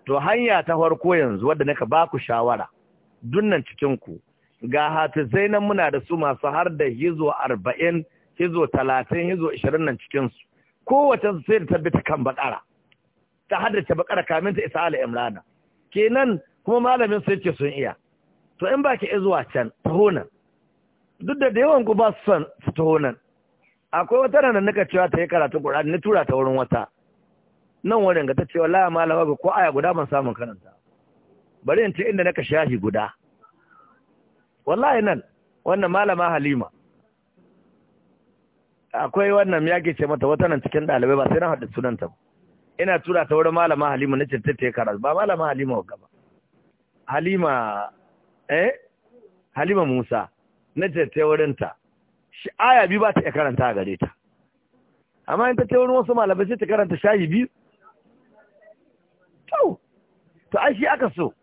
to hanya ta farko yanzu wadda naka ba ku shawara dunnan cikin ku ga hatisai nan muna da su masu har da hizo 40 hizo 30 hizo 20 nan cikin su kowace sai ta tabbata kan bakara ta haddace bakara kamin ta isa ala imrana kenan kuma malamin sai ce sun iya to in baki izuwa can tahonan duk da da yawan ku ba su son su akwai wata ranar nika cewa ta yi karatu Qur'ani na tura ta wurin wata nan wurin ga ta ce wallahi ma ga ko aya guda ban samun karanta bari in ce inda naka shahi guda wallahi nan wannan malama Halima akwai wannan ya ce mata wata nan cikin ɗalibai ba sai na haɗu sunanta ba ina tura ta wurin malama Halima na ce ta yi karatu ba malama Halima wa gaba Halima eh Halima Musa na ce ta wurinta shi aya biyu ba ta iya karanta a gare ta amma in ta ce wani wasu malamai sai ta karanta shayi biyu to to ai shi aka so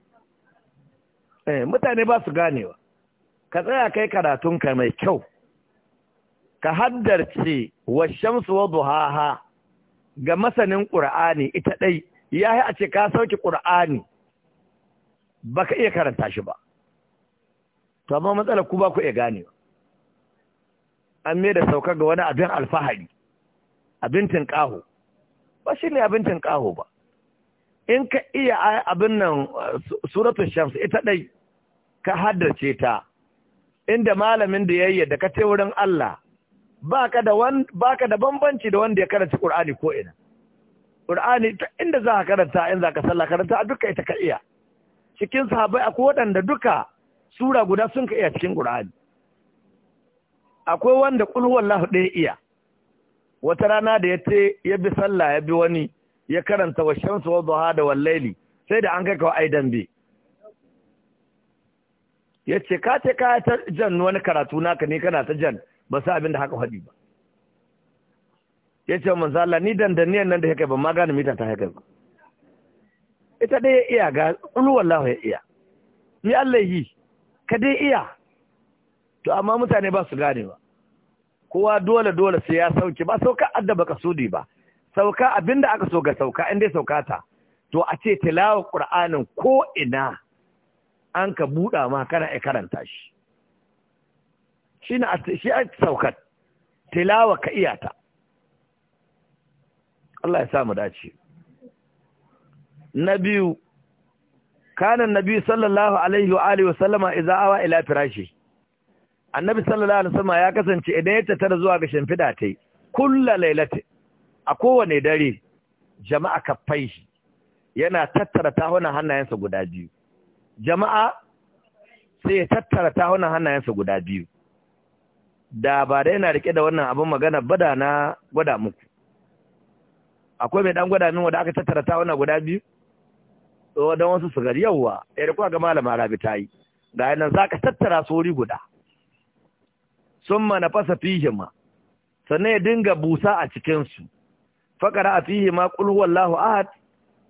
eh mutane ba su ganewa ka tsaya kai karatun ka mai kyau ka haddarce wa shamsu wa duhaha ga masanin qur'ani ita dai yayi a ce ka sauki qur'ani baka iya karanta shi ba to amma matsalar ku ba ku iya ganewa an mai da sauka ga wani abin alfahari abin ƙaho. ba shi ne abin ƙaho ba in ka iya abin nan uh, suratun shams ita ɗai ka haddace ta inda malamin da yi da ka wurin Allah baka da baka da bambanci da wanda ya karanta Qur'ani ko ina Qur'ani inda za ka karanta in za ka sallah karanta a duka ita ka iya cikin sahabbai akwai waɗanda duka sura guda sun ka iya cikin Qur'ani akwai wanda ƙulhuwallahu ɗaya iya wata rana da ya ce ya bi sallah ya bi wani ya karanta wa shamsu wa duha da wallaili sai da an kai kawai aidan bi ya ce ka ce ka ta jan wani karatu naka ne kana ta jan ba sa abin da haka faɗi ba ya ce manzo Allah ni dandanniyan nan da haka kai ba ma gane mita ta haka ba ita dai ya iya ga ulu wallahi ya iya mi Allah yi ka dai iya to amma mutane ba su ganewa kowa dole dole sai ya sauke ba sauka addaba sudi ba sauka abinda aka so ga sauka in dai sauka ta to a ce tilawa qur'anin ko ina an ka buɗa ma kana ai karanta shi shi shi a sauka tilawa ka iyata Allah ya samu dace na biyu nabi sallallahu alaihi wa alihi sallama idza awa ila firashi annabi sallallahu alaihi wasallam ya kasance idan ya tattara zuwa ga shimfida tai kulla lailati a kowane dare jama'a ka shi yana tattara tahunan hannayensa guda biyu jama'a sai ya tattara tahunan hannayensa guda biyu da ba da yana rike da wannan abin magana bada na gwada muku akwai mai dan gwada min wanda aka tattara tahunan guda biyu dan wasu su gari yawa ya rikuwa ga malama rabi ta yi ga yanar za ka tattara su wuri guda sun summa fasa fihima sannan ya dinga busa a cikinsu. su a fihima qul lahu ahad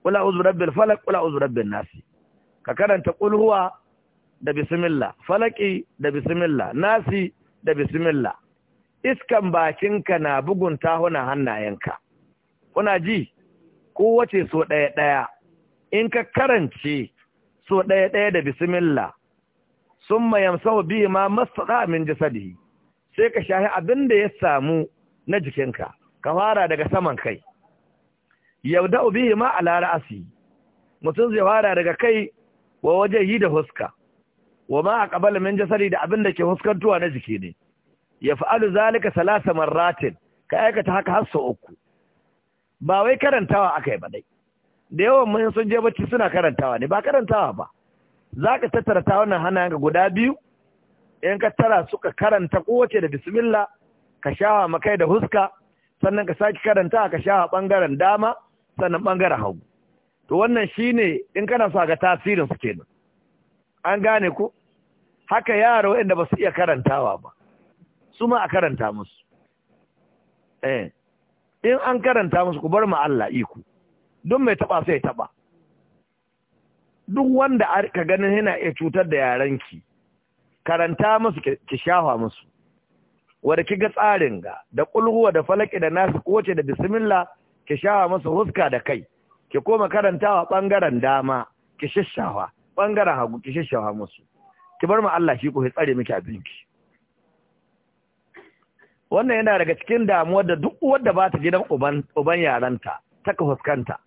ƙula a'udhu Falak, ƙula qul a'udhu ka karanta ƙulhuwa da bisimillah falaki da bisimillah nasi da bisimillah. iskan bakinka na bugun tahuna hannayenka kuna ji kowace so ɗaya ɗaya in ka karance so ɗaya ɗaya da bismillah sun mayamsahu biyu ma masu min jasadihi sai ka shahi abin da ya samu na jikinka ka fara daga saman kai yauda ubihi ma ala ra'asi mutum zai fara daga kai wa yi da huska wa ma aqbala min jasari da abin da ke huskantuwa na jiki ne ya fa'alu zalika salasa marratin ka aikata haka har sau uku ba wai karantawa akai ba dai da yawan mun sun je bacci suna karantawa ne ba karantawa ba Za ka tattara ta wannan ga guda biyu in ka tara suka karanta kowace da bismillah ka shawa makai da huska sannan ka sake karanta ka shawa bangaren dama sannan bangaren hagu to wannan shine in kana so ga tasirin su kenan an gane ku haka yaro inda ba su iya karantawa ba su ma a karanta musu eh in an karanta musu ku bar mu Allah iko don mai taba sai taba duk wanda ka ganin yana iya cutar da yaranki karanta musu ki shafa musu wanda kiga tsarin ga da kulhuwa da falaki da nasu kowace da bismillah ki shafa musu huska da kai ki koma karantawa bangaren dama ki shashawa bangaren hagu ki shashawa musu ki bar ma Allah shi ko ya tsare miki abinki wannan yana daga cikin damuwar da duk wanda ba ta gidan uban uban yaranta ta ka fuskanta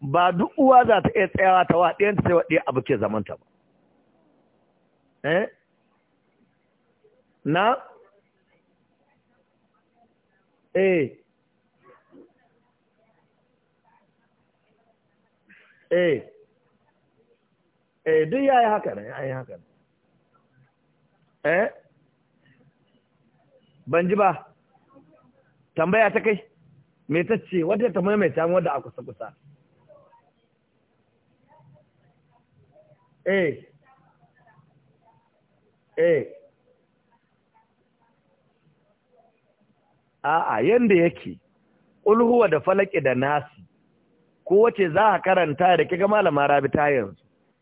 ba duk uwa za ta iya tsayawa ta waɗiyanta sai waɗiya abu ke zamanta ba eh na eh eh eh duk yi haka ne yi haka ne eh ban ji ba tambaya ta kai me ta ce wadda ta maimaita wadda a kusa kusa eh eh a'a yanda yake ulhuwa da falaki da nasi ko wace za ka karanta da kiga malama rabi ta yanzu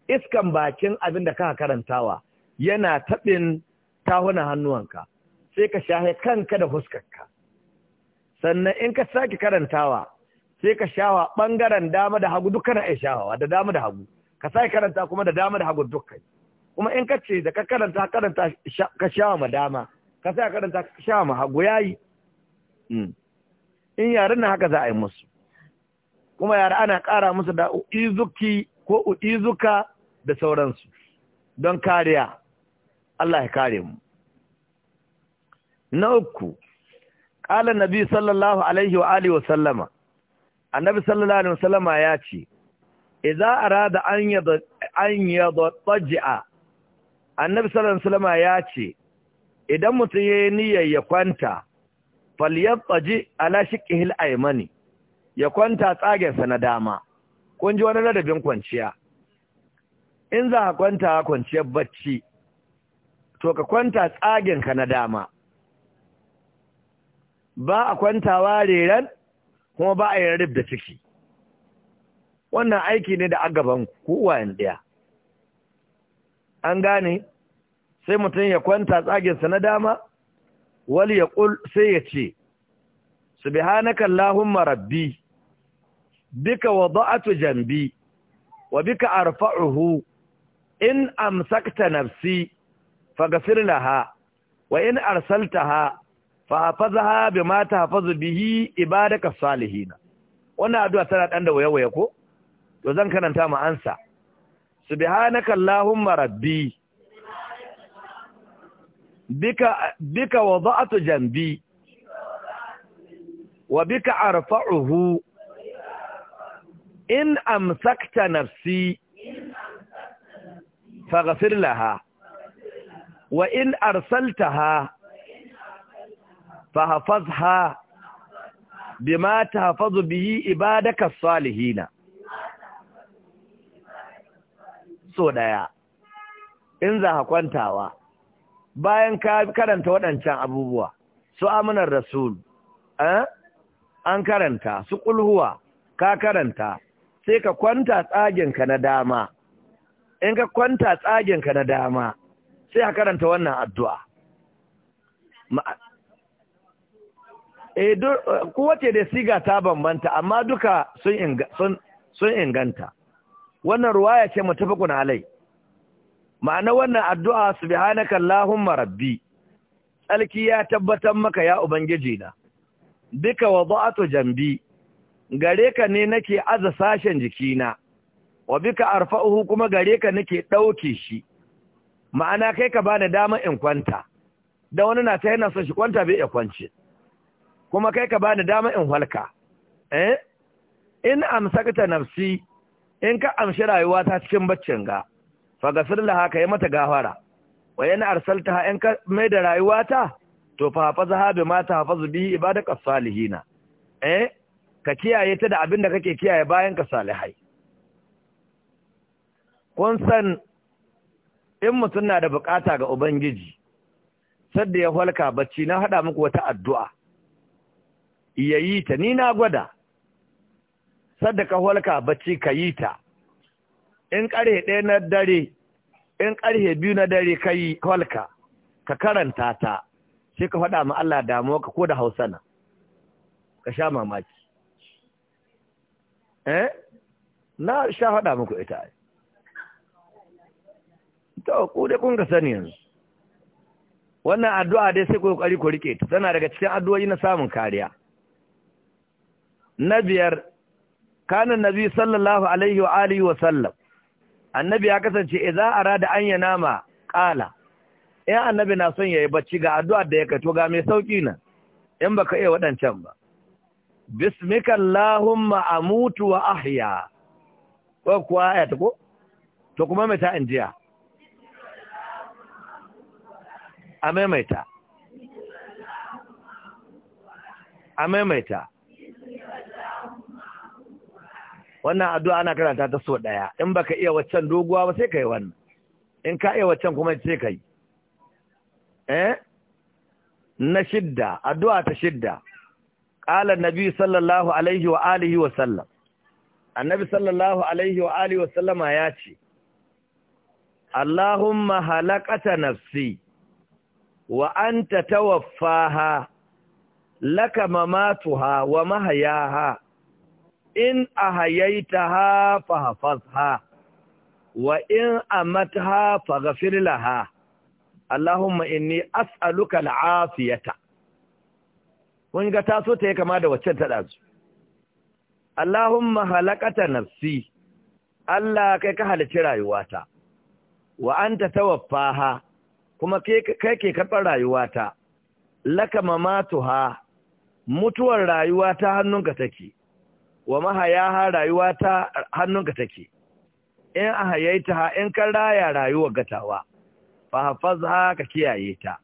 iskan bakin abin da ka karantawa yana taɓin tahunan hannuwanka sai ka shahe kanka da huskarka sannan in ka sake karantawa sai ka shawa ɓangaren dama da hagu dukkan ai shawawa da dama da hagu ka sake karanta kuma da dama da hagu dukkan kuma in ka ce da ka karanta karanta ka shawa ma dama ka sake karanta ka shawa ma hagu yayi Mm. in yaren na haka za a yi musu kuma yare ana ƙara musu da izuki ko uizuka da sauransu don kariya Allah ya kare mu na uku ƙala nabi sallallahu alaihi wa alihi wa sallama annabi sallallahu alaihi wa sallama ya ce idza arada an yada an yada tajia annabi sallallahu alaihi wa sallama ya ce idan mutum yayi niyyar ya kwanta falyabtaji ala shiqihil aymani ya kwanta tsagensa na dama kun ji wani ladabin kwanciya in za ka kwanta kwanciyar bacci to ka kwanta tsagenka na dama ba a kwantawa reren kuma ba a yi rib da ciki wannan aiki ne da agaban kowayen ɗaya an gane sai mutum ya kwanta tsagensa na dama wal yaqul sai ya ce subhanaka allahumma rabbi bika wada'tu janbi wa bika arfa'uhu in amsakta nafsi faghfir laha wa in arsaltaha fahafazha bima tahfazu bihi ibadaka salihin wannan addu'a tana dan da waye ko to zan karanta mu ansa subhanaka allahumma rabbi bika bika wada'tu jambi wa bika arfa'uhu in amsakta nafsi faghfir laha wa in arsaltaha fahfazha bima tahfazu bihi ibadaka salihina so daya in za kwantawa bayan ka karanta waɗancan abubuwa su aminar rasul eh? an karanta su ƙulhuwa ka karanta sai ka kwanta tsaginka na dama in ka kwanta tsaginka na dama sai ka karanta wannan addu'a eh, kowace da siga ta bambanta amma duka sun inganta wannan ruwa ya ce mutafakun alai ma'ana wannan addu'a su subhanaka allahumma rabbi Tsalki ya tabbatar maka ya ubangiji na bika wada'tu jambi gare ka ne nake aza sashen jikina wa bika arfa'uhu kuma gare ka nake ɗauke shi ma'ana kai ka bani dama in kwanta da wani na ta yana son shi kwanta bai ya kuma kai ka bani dama in halka eh in amsakta nafsi in ka amshi rayuwata cikin baccin ga fagasir laha ka yi mata gafara wa yana arsalta ha’yan mai da rayuwata to fa hafa zaha bi mata hafa zubi ibada ka salihina eh ka kiyaye ta da abin da kake kiyaye bayan ka salihai kun san in mutum na da bukata ga ubangiji sadda ya halka bacci na haɗa muku wata addu'a iya yi ta ni na gwada sadda ka halka bacci ka yi ta in ƙarhe ɗaya na dare in ƙarhe biyu na dare ka yi kwalka ka karanta ta sai ka faɗa ma Allah damuwa ka ko da hausa na ka sha mamaki eh na sha faɗa muku ita to ku dai kun ka sani yanzu wannan addu'a dai sai ku ƙari ku riƙe ta tana daga cikin addu'o'i na samun kariya na biyar kana nabi sallallahu alaihi wa alihi wa sallam annabi ya kasance idza arada an yanama qala eh annabi na son yayi bacci ga addu'a da ya to ga mai sauki nan in baka iya wadancan ba bismika allahumma amutu wa ahya ko kuwa ya ko to kuma mai ta injiya a maimaita a maimaita wannan addu'a ana karanta ta so ɗaya in baka iya waccan doguwa ba sai ka yi wannan in ka iya waccan kuma sai ka yi eh na shidda addu'a ta shidda qala nabi sallallahu alaihi wa alihi wa sallam annabi sallallahu alaihi wa alihi wa sallama ya ce Allahumma halaqata nafsi wa anta tawaffaha laka mamatuha wa mahyaha in ahayaitaha ha, wa in amatha faghfir laha Allahumma inni as'aluka al'afiyata kun ga taso ta yi kama da waccan ta dazu Allahumma halakata nafsi Allah kai ka halici rayuwata wa tawaffa ha, kuma kai ke karɓar rayuwata laka mamatu ha, mutuwar rayuwa ta hannunka take wa mahaya rayuwa ta hannunka take in a hayaita ha in kan raya rayuwa gatawa fa hafazha ka kiyaye ta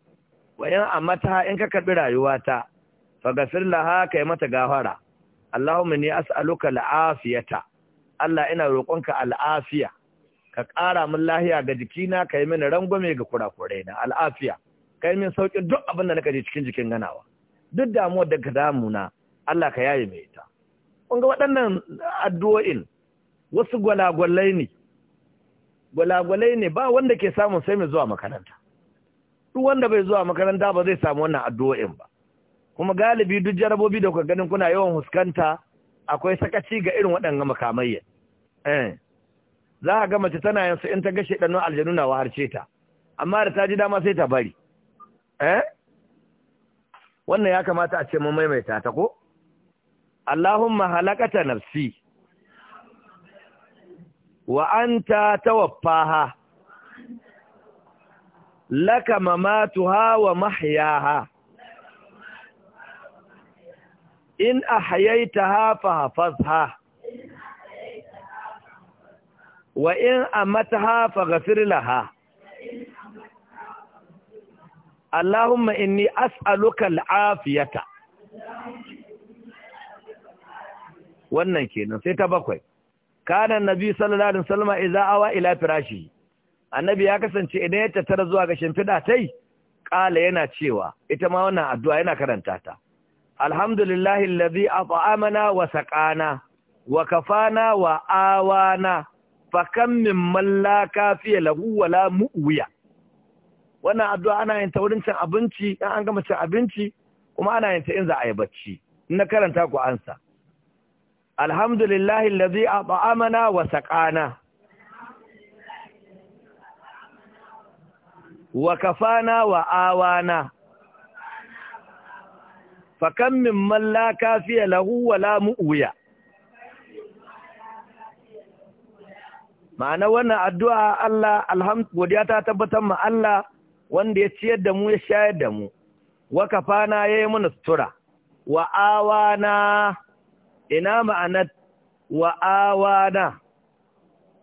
wa in amata in ka karbi rayuwa ta fa gasir laha kai mata gafara Allahumma ni as'aluka al'afiyata Allah ina roƙonka al'afiya ka ƙara min lahiya ga jikina ka yi mini rangwame ga kurakurai na al'afiya ka yi min sauƙin duk abin da nake ji cikin jikin ganawa duk damuwar da ka damu na Allah ka yaye mai ita Kunga ga waɗannan addu'o'in wasu gwalagwalai ne gwalagwalai ne ba wanda ke samun sai mai zuwa makaranta duk wanda bai zuwa makaranta ba zai samu wannan addu'o'in ba kuma galibi duk jarabobi da kuka ganin kuna yawan huskanta akwai sakaci ga irin waɗannan makamayya eh, za a ga mace tana yin su in ta gashe ɗanu aljanu na harce ta amma da ta ji dama sai ta bari eh, wannan ya kamata a ce mun maimaita ta ko اللهم هلكة نفسي وأنت توفاها لك مماتها ومحياها إن أحييتها فحفظها وإن أمتها فغفر لها اللهم إني أسألك العافية wannan kenan sai ta bakwai kana nabi sallallahu alaihi wasallam idza awa ila firashi annabi ya kasance idan ya tattara zuwa ga shimfida tai kala yana cewa ita ma wannan addu'a yana karanta ta alhamdulillahi alladhi at'amana wa saqana wa kafana wa awana kam min mallaka fi lahu wa la mu'wiya wannan addu'a ana yin ta wurin cin abinci an gama cin abinci kuma ana yin ta in za a yi bacci in na karanta ku ansa alhamdulillahi lazi a ba'amana wa saƙana wa kafana wa awana fakan min mallaka fiye lahu wala uya. ma'ana wannan addu'a Allah alhamdulillah ta tabbatar ma Allah wanda ya ciyar da mu ya shayar da mu wa kafana ya yi mana sutura wa awana ina ma'anar wa'awana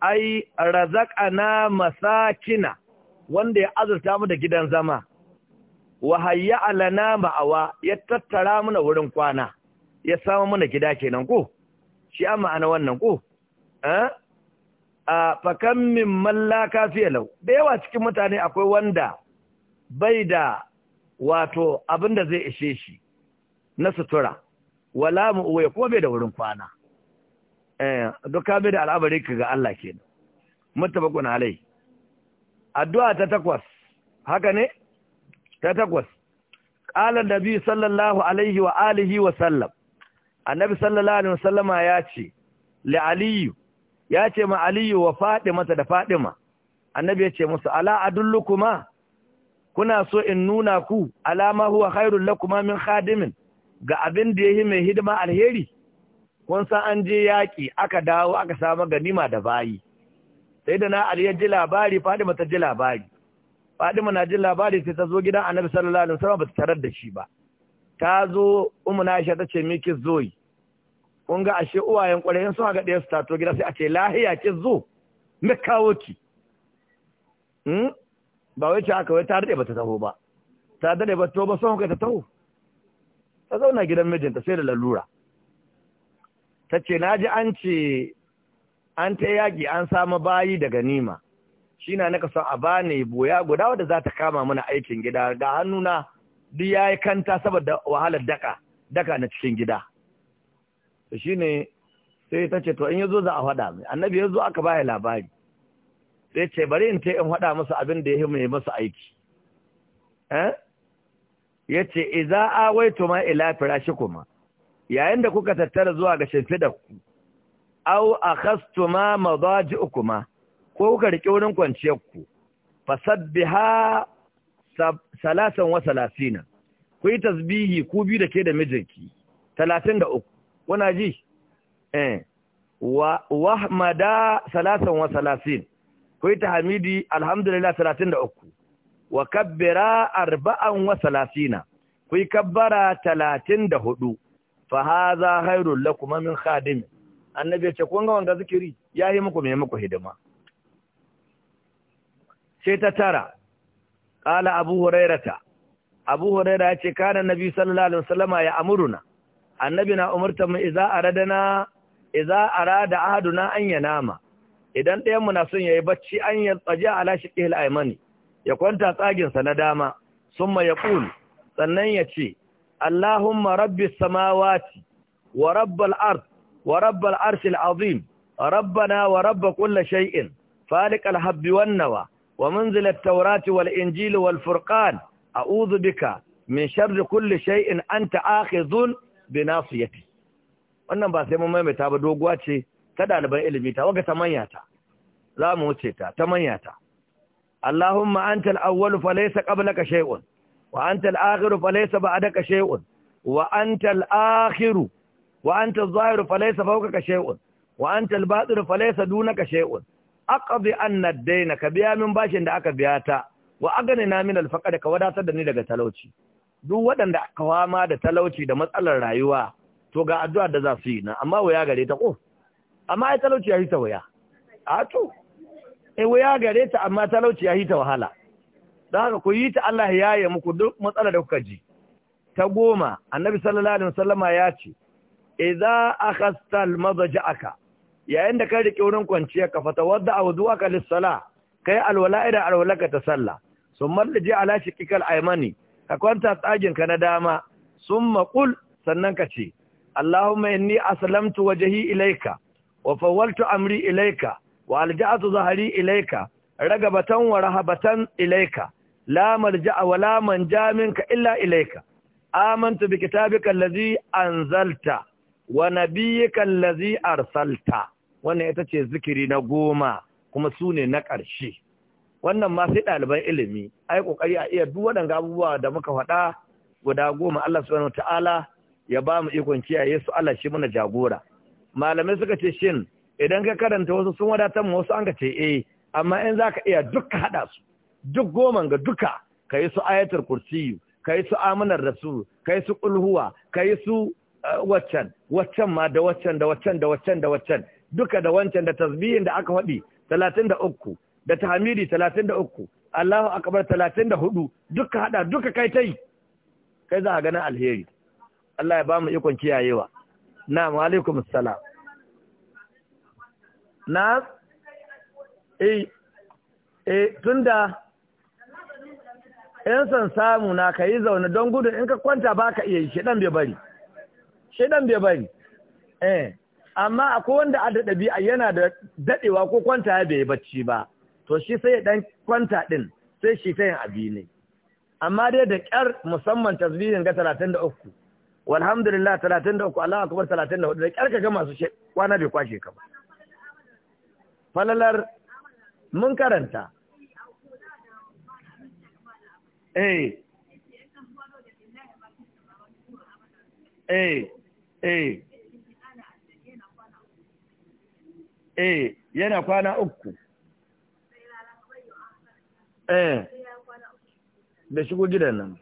ai razaqana masakina wanda ya azurta mu da gidan zama wa hayya alana ma'awa ya tattara mana wurin kwana ya samu mana gida kenan ko shi amma ma'ana wannan ko eh a fakan min mallaka fiye lau da yawa cikin mutane akwai wanda bai da wato abinda zai ishe shi na sutura wala mu uwe ko bai da wurin kwana eh duka bai da al'amari ka ga Allah kenan na alai addu'a ta takwas haka ne ta takwas qala nabi sallallahu alaihi wa alihi wa sallam annabi sallallahu alaihi wa sallama ya ce li aliyu ya ce ma aliyu wa fatima da fatima annabi ya ce musu ala adullukuma kuna so in nuna ku alama huwa khairul lakuma min khadimin ga abin da ya yi mai hidima alheri kun san an je yaƙi aka dawo aka samu ganima da bayi sai da na ya ji labari fadima ta ji labari fadima na ji labari sai ta zo gidan annabi sallallahu alaihi wasallam ba ta tarar da shi ba ta zo umu na aisha ta ce me ki zo kun ga ashe uwayen ƙwararrun sun haga ɗaya su tato gida sai a ce lahiya ki zo me kawo ki hmm? ba wai ce aka wai ta daɗe ba ta taho ba ta daɗe ba taho ba sun ka ta taho ta zauna gidan mijinta sai da lalura ta ce na ji an ce an ta yaƙi an samu bayi daga Nima shi na naka son a bani boya guda wadda za ta kama mana aikin gida ga hannuna duk ya yi kanta saboda wahalar daka daka na cikin gida to shi ne sai ta ce to in ya zo za a faɗa mai annabi ya zo aka ba ya labari sai ce bari in ta in haɗa masa abin da ya yi mai masa aiki eh? ya ce iza a awaituma ila kuma, yayin da kuka tattara zuwa ga ku au a ma uku ma, ko kuka riƙe wurin kwanciyarku ha salasan wa salasina ku yi tasbihi ku biyu da ke da mijinki talatin da uku wana ji eh wahmada salasan wa salasin ku yi ta hamidi alhamdulillah talatin da uku wa kabbira arba'an wa salasina ku yi kabbara talatin da hudu fa haza khairul lakum min khadim annabi ya ce kun ga wanga zikiri yayi muku mai muku hidima sai ta tara qala abu hurairata abu huraira ya ce kana nabi sallallahu alaihi wasallama ya amuruna annabi na umurta mu idza aradana idza arada ahaduna an yanama idan ɗayanmu mu na son yayi bacci an yatsaji ala shiqil aymani ya kwanta tsaginsa na dama summa ya ƙul sannan ya ce Allahumma rabbi samawati wa rabbal ard wa rabbal arshil azim rabbana wa rabba kulli shay'in faliqal habbi wan wa munzilat taurati wal injili wal furqan a'udhu bika min sharri kulli shay'in anta akhidhun bi nasiyati wannan ba sai mun maimaita ba doguwa ce ta ɗaliban ilimi ta waga ta manyata za mu wuce ta ta manyata Allahumma antal awwalu falaysa qablaka shay'un wa antal akhiru falaysa ba'daka shay'un wa antal akhiru wa antal zahiru falaysa fawqaka shay'un wa antal batinu falaysa dunaka shay'un aqdi anna ad-dayna ka biya min bashin da aka biya ta wa aganina min al-faqr ka wadatar da ni daga talauci duk waɗanda aka fama da talauci da matsalar rayuwa to ga addu'ar da za su yi na amma waya gare ta ko amma ai talauci ya ta waya eh ya gare ta amma talauci ya yi ta wahala don haka ku yi ta Allah ya yaye muku duk matsalar da kuka ji ta goma annabi sallallahu alaihi wasallama ya ce idza akhasta almadja'aka yayin da ka rike wurin kwanciya ka fata wadda awduaka lis-sala kai alwala ida alwalaka ta sallah summa laji ala shikikal aymani ka kwanta tsagin ka na dama summa qul sannan ka ce allahumma inni aslamtu wajhi ilayka wa fawwaltu amri ilayka wa alja'atu zahari ilaika ragabatan wa rahabatan ilaika la marja'a wa manja minka illa ilaika amantu bi kitabika allazi anzalta wa nabiyyika allazi arsalta wannan ita ce zikiri na goma kuma su ne na ƙarshe wannan ma sai ɗaliban ilimi ai kokari a iya duk waɗanda abubuwa da muka faɗa guda goma Allah subhanahu ya ba mu ikon kiyaye su Allah shi muna jagora malamai suka ce shin idan ka karanta wasu sun wadatar mu wasu an ka ce eh amma in zaka iya duka hada su duk goman ga duka kai su ayatul kursiyu kai su aminar rasul kai su kulhuwa kai su eh, waccan waccan ma da waccan da waccan da waccan da waccan duka da waccan, da tasbihin da aka faɗi 33 da tahmidi 33 Allahu akbar 34 duka hada duka kai tai kai za a ganin alheri Allah ya ba mu ikon kiyayewa na alaikum assalam na E! E! tunda yan san samu na ka yi zaune don gudun in ka kwanta ba ka iya yi shidan bai bari shidan bai bari eh amma akwai wanda a da ɗabi'a yana da daɗewa ko kwanta ya bai bacci ba to shi sai ya ɗan kwanta ɗin sai shi ta yin abi ne amma dai da ƙyar musamman tasbihin ga talatin da uku walhamdulillah talatin da uku Allah akbar talatin da hudu da ƙyar ka ga masu kwana bai kwashe ka ba falalar mun karanta eh eh eh eh yana kwana uku eh da shigo gidan nan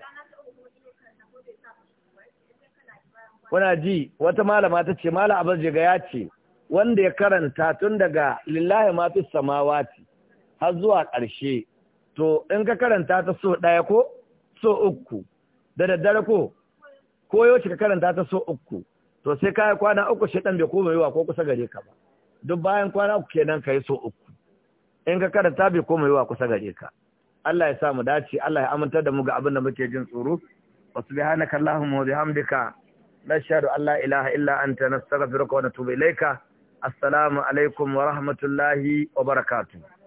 kuna ji wata malama ta ce mala abin jiga ya ce wanda ya karanta tun daga lillahi mafi samawati har zuwa ƙarshe to in ka karanta ta so ɗaya ko so uku da daddare ko ko yau ka karanta ta so uku to sai ka yi kwana uku shi ɗan bai koma yiwa ko kusa gare ka ba duk bayan kwana uku kenan ka yi so uku in ka karanta bai koma yiwa kusa gare ka Allah ya sa mu dace Allah ya amintar da mu ga abin da muke jin tsoro wa subhanaka allahumma wa bihamdika nashhadu an la ilaha illa anta nastaghfiruka wa natubu ilayka assalamu alaikum wa rahmatullahi wa barakatu.